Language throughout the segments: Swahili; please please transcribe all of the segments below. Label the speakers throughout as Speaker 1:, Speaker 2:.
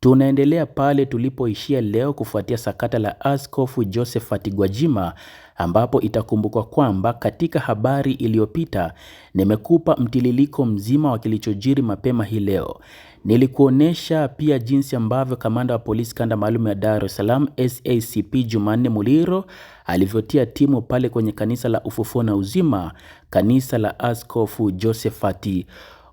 Speaker 1: Tunaendelea pale tulipoishia leo kufuatia sakata la Askofu Josephat Gwajima ambapo itakumbukwa kwamba katika habari iliyopita nimekupa mtililiko mzima wa kilichojiri mapema hii leo. Nilikuonesha pia jinsi ambavyo kamanda wa polisi kanda maalum ya Dar es Salaam SACP Jumanne Muliro alivyotia timu pale kwenye kanisa la Ufufuo na Uzima, kanisa la Askofu Josephati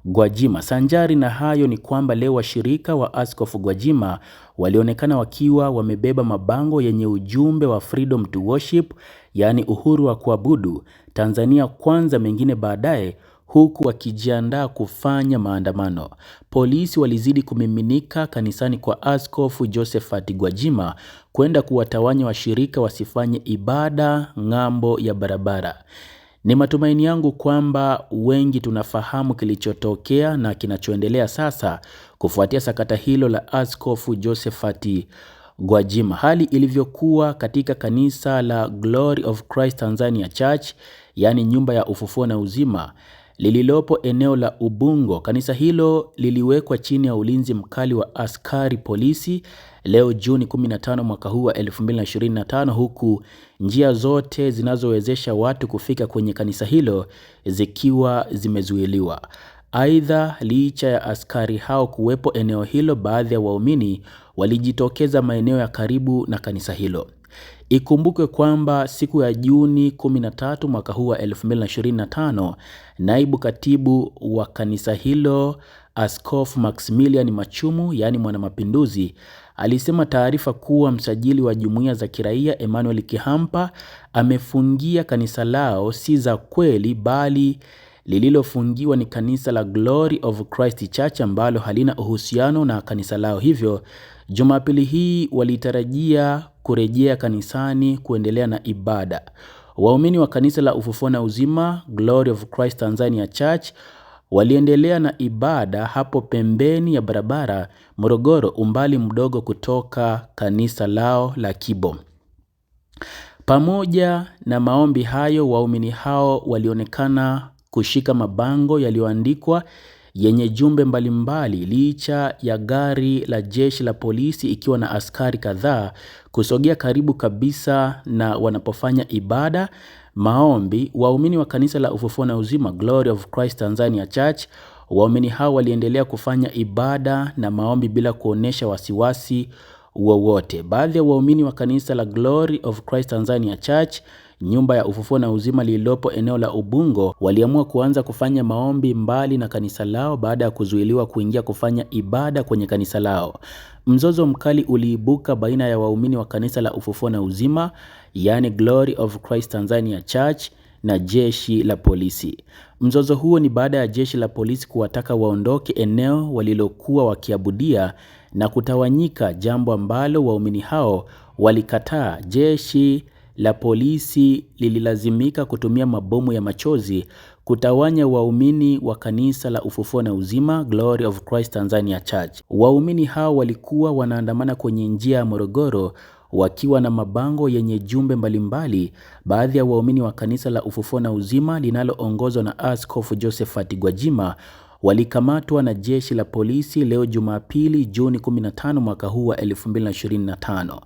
Speaker 1: Gwajima. Sanjari na hayo ni kwamba leo washirika wa Askofu Gwajima walionekana wakiwa wamebeba mabango yenye ujumbe wa freedom to worship, yaani uhuru wa kuabudu, Tanzania kwanza mengine baadaye, huku wakijiandaa kufanya maandamano. Polisi walizidi kumiminika kanisani kwa Askofu Josephat Gwajima kwenda kuwatawanya washirika wasifanye ibada ng'ambo ya barabara. Ni matumaini yangu kwamba wengi tunafahamu kilichotokea na kinachoendelea sasa kufuatia sakata hilo la Askofu Josephat Gwajima, hali ilivyokuwa katika kanisa la Glory of Christ Tanzania Church, yaani nyumba ya ufufuo na uzima lililopo eneo la Ubungo. Kanisa hilo liliwekwa chini ya ulinzi mkali wa askari polisi leo Juni 15 mwaka huu wa 2025, huku njia zote zinazowezesha watu kufika kwenye kanisa hilo zikiwa zimezuiliwa. Aidha, licha ya askari hao kuwepo eneo hilo, baadhi ya waumini walijitokeza maeneo ya karibu na kanisa hilo. Ikumbukwe kwamba siku ya Juni 13 mwaka huu wa 2025, naibu katibu wa kanisa hilo Askofu Maximilian Machumu, yaani mwanamapinduzi, alisema taarifa kuwa msajili wa jumuiya za kiraia Emmanuel Kihampa amefungia kanisa lao si za kweli, bali lililofungiwa ni kanisa la Glory of Christ Church ambalo halina uhusiano na kanisa lao, hivyo Jumapili hii walitarajia kurejea kanisani kuendelea na ibada. Waumini wa kanisa la Ufufuo na Uzima, Glory of Christ Tanzania Church, waliendelea na ibada hapo pembeni ya barabara Morogoro, umbali mdogo kutoka kanisa lao la Kibo. Pamoja na maombi hayo, waumini hao walionekana kushika mabango yaliyoandikwa yenye jumbe mbalimbali licha ya gari la jeshi la polisi ikiwa na askari kadhaa kusogea karibu kabisa na wanapofanya ibada maombi. Waumini wa kanisa la ufufuo na uzima Glory of Christ Tanzania Church, waumini hao waliendelea kufanya ibada na maombi bila kuonesha wasiwasi wowote. Baadhi ya waumini wa kanisa la Glory of Christ Tanzania Church Nyumba ya Ufufuo na Uzima lililopo eneo la Ubungo waliamua kuanza kufanya maombi mbali na kanisa lao baada ya kuzuiliwa kuingia kufanya ibada kwenye kanisa lao. Mzozo mkali uliibuka baina ya waumini wa kanisa la Ufufuo na Uzima, yani Glory of Christ Tanzania Church na jeshi la polisi. Mzozo huo ni baada ya jeshi la polisi kuwataka waondoke eneo walilokuwa wakiabudia na kutawanyika, jambo ambalo waumini hao walikataa. Jeshi la polisi lililazimika kutumia mabomu ya machozi kutawanya waumini wa kanisa la ufufuo na uzima Glory of Christ Tanzania Church. Waumini hao walikuwa wanaandamana kwenye njia ya Morogoro wakiwa na mabango yenye jumbe mbalimbali. Baadhi ya waumini wa kanisa la ufufuo na uzima linaloongozwa na Askofu Josephat Gwajima walikamatwa na jeshi la polisi leo Jumapili Juni 15 mwaka huu wa 2025.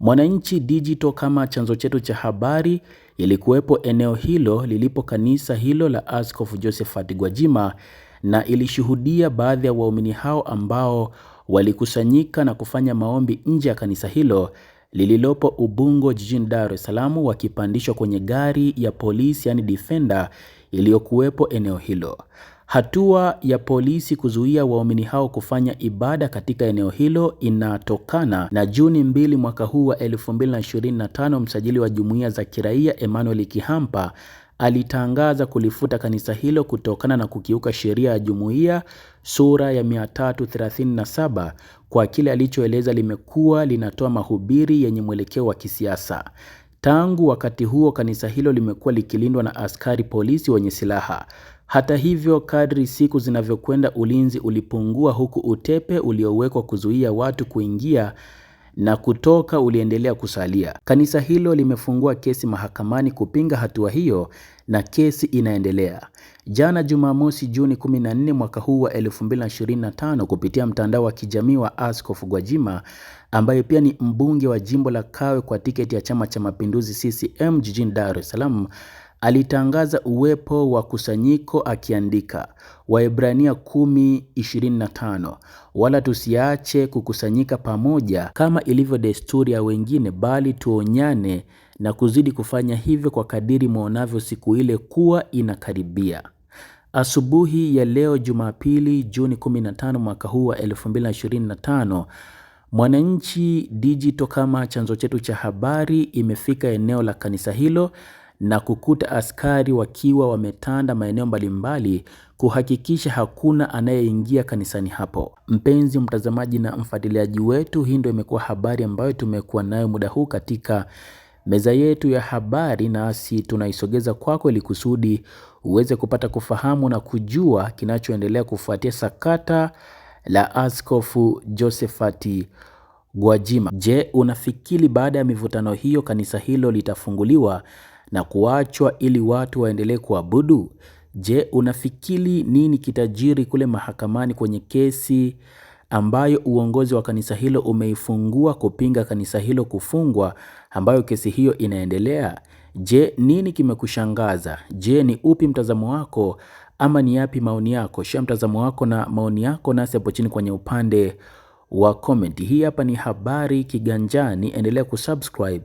Speaker 1: Mwananchi Digital kama chanzo chetu cha habari ilikuwepo eneo hilo lilipo kanisa hilo la Askofu Josephat Gwajima na ilishuhudia baadhi ya waumini hao ambao walikusanyika na kufanya maombi nje ya kanisa hilo lililopo Ubungo jijini Dar es Salaam, wakipandishwa kwenye gari ya polisi, yani Defender iliyokuwepo eneo hilo. Hatua ya polisi kuzuia waumini hao kufanya ibada katika eneo hilo inatokana na Juni mbili mwaka huu wa 2025, msajili wa jumuiya za kiraia Emmanuel Kihampa alitangaza kulifuta kanisa hilo kutokana na kukiuka sheria ya jumuiya sura ya 337 kwa kile alichoeleza limekuwa linatoa mahubiri yenye mwelekeo wa kisiasa. Tangu wakati huo kanisa hilo limekuwa likilindwa na askari polisi wenye silaha. Hata hivyo, kadri siku zinavyokwenda, ulinzi ulipungua huku utepe uliowekwa kuzuia watu kuingia na kutoka uliendelea kusalia. Kanisa hilo limefungua kesi mahakamani kupinga hatua hiyo na kesi inaendelea. Jana Jumamosi, Juni 14 mwaka huu wa 2025, kupitia mtandao wa kijamii wa Askofu Gwajima ambaye pia ni mbunge wa jimbo la Kawe kwa tiketi ya Chama cha Mapinduzi CCM jijini Dar es Salaam alitangaza uwepo wa kusanyiko akiandika Waebrania 10:25, wala tusiache kukusanyika pamoja kama ilivyo desturi ya wengine, bali tuonyane na kuzidi kufanya hivyo kwa kadiri mwonavyo siku ile kuwa inakaribia. Asubuhi ya leo Jumapili, Juni 15 mwaka huu wa 2025 Mwananchi Digital kama chanzo chetu cha habari imefika eneo la kanisa hilo na kukuta askari wakiwa wametanda maeneo mbalimbali kuhakikisha hakuna anayeingia kanisani hapo. Mpenzi mtazamaji na mfuatiliaji wetu, hii ndio imekuwa habari ambayo tumekuwa nayo muda huu katika meza yetu ya habari, nasi tunaisogeza kwako ili kusudi uweze kupata kufahamu na kujua kinachoendelea kufuatia sakata la Askofu Josephat Gwajima. Je, unafikiri baada ya mivutano hiyo kanisa hilo litafunguliwa na kuachwa ili watu waendelee kuabudu? Je, unafikiri nini kitajiri kule mahakamani kwenye kesi ambayo uongozi wa kanisa hilo umeifungua kupinga kanisa hilo kufungwa ambayo kesi hiyo inaendelea? Je, nini kimekushangaza? Je, ni upi mtazamo wako ama ni yapi maoni yako? Shia mtazamo wako na maoni yako nasi hapo chini kwenye upande wa comment. Hii hapa ni Habari Kiganjani, endelea kusubscribe